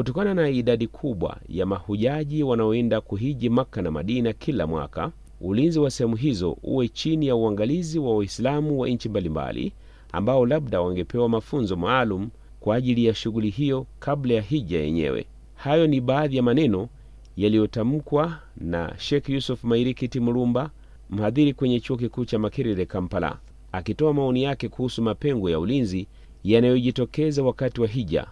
Kutokana na idadi kubwa ya mahujaji wanaoenda kuhiji Makka na Madina kila mwaka, ulinzi wa sehemu hizo uwe chini ya uangalizi wa Waislamu wa nchi mbalimbali ambao labda wangepewa mafunzo maalum kwa ajili ya shughuli hiyo kabla ya hija yenyewe. Hayo ni baadhi ya maneno yaliyotamkwa na Sheikh Yusuf Mairikiti Mulumba, mhadhiri kwenye chuo kikuu cha Makerere, Kampala, akitoa maoni yake kuhusu mapengo ya ulinzi yanayojitokeza wakati wa hija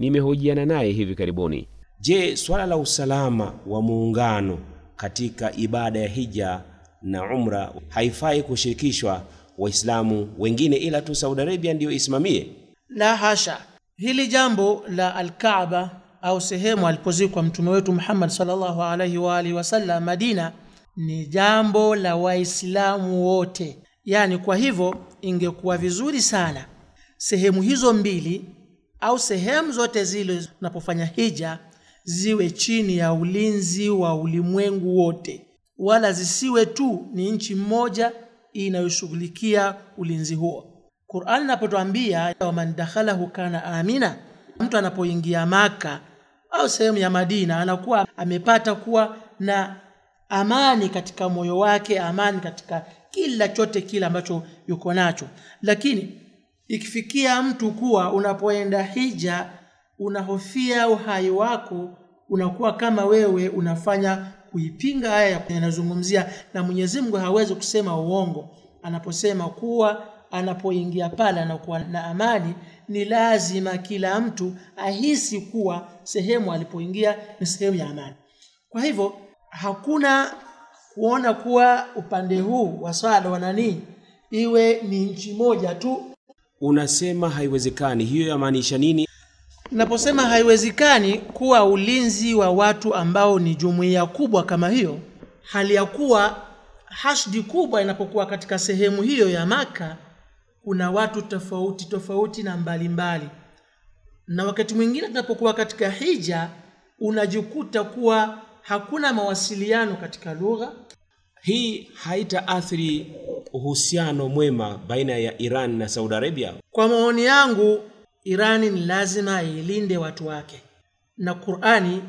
nimehojiana naye hivi karibuni. Je, swala la usalama wa muungano katika ibada ya hija na umra haifai kushirikishwa Waislamu wengine ila tu Saudi Arabia ndiyo isimamie? La hasha. Hili jambo la Alkaaba au sehemu alipozikwa mtume wetu Muhammad sallallahu alaihi wa alihi wasallam Madina ni jambo la Waislamu wote. Yaani, kwa hivyo ingekuwa vizuri sana sehemu hizo mbili au sehemu zote zile zinapofanya hija ziwe chini ya ulinzi wa ulimwengu wote, wala zisiwe tu ni nchi mmoja inayoshughulikia ulinzi huo. Qur'an inapotuambia waman dakhalahu kana amina, mtu anapoingia Maka au sehemu ya Madina anakuwa amepata kuwa na amani katika moyo wake, amani katika kila chote kile ambacho yuko nacho, lakini ikifikia mtu kuwa unapoenda hija unahofia uhai wako, unakuwa kama wewe unafanya kuipinga haya yanazungumzia, na Mwenyezi Mungu hawezi kusema uongo anaposema kuwa anapoingia pale anakuwa na amani. Ni lazima kila mtu ahisi kuwa sehemu alipoingia ni sehemu ya amani. Kwa hivyo hakuna kuona kuwa upande huu wa swala wananii iwe ni nchi moja tu unasema haiwezekani, hiyo yamaanisha nini? Naposema haiwezekani kuwa ulinzi wa watu ambao ni jumuiya kubwa kama hiyo, hali ya kuwa hashdi kubwa inapokuwa katika sehemu hiyo ya Maka, kuna watu tofauti tofauti na mbalimbali mbali. Na wakati mwingine tunapokuwa katika hija unajikuta kuwa hakuna mawasiliano katika lugha, hii haitaathiri uhusiano mwema baina ya Iran na Saudi Arabia? Kwa maoni yangu, Irani ni lazima ilinde watu wake, na Qur'ani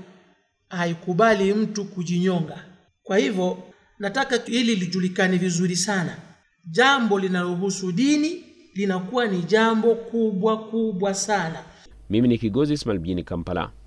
haikubali mtu kujinyonga. Kwa hivyo nataka hili lijulikane vizuri sana, jambo linalohusu dini linakuwa ni jambo kubwa kubwa sana. Mimi ni Kigozi Ismail mjini Kampala.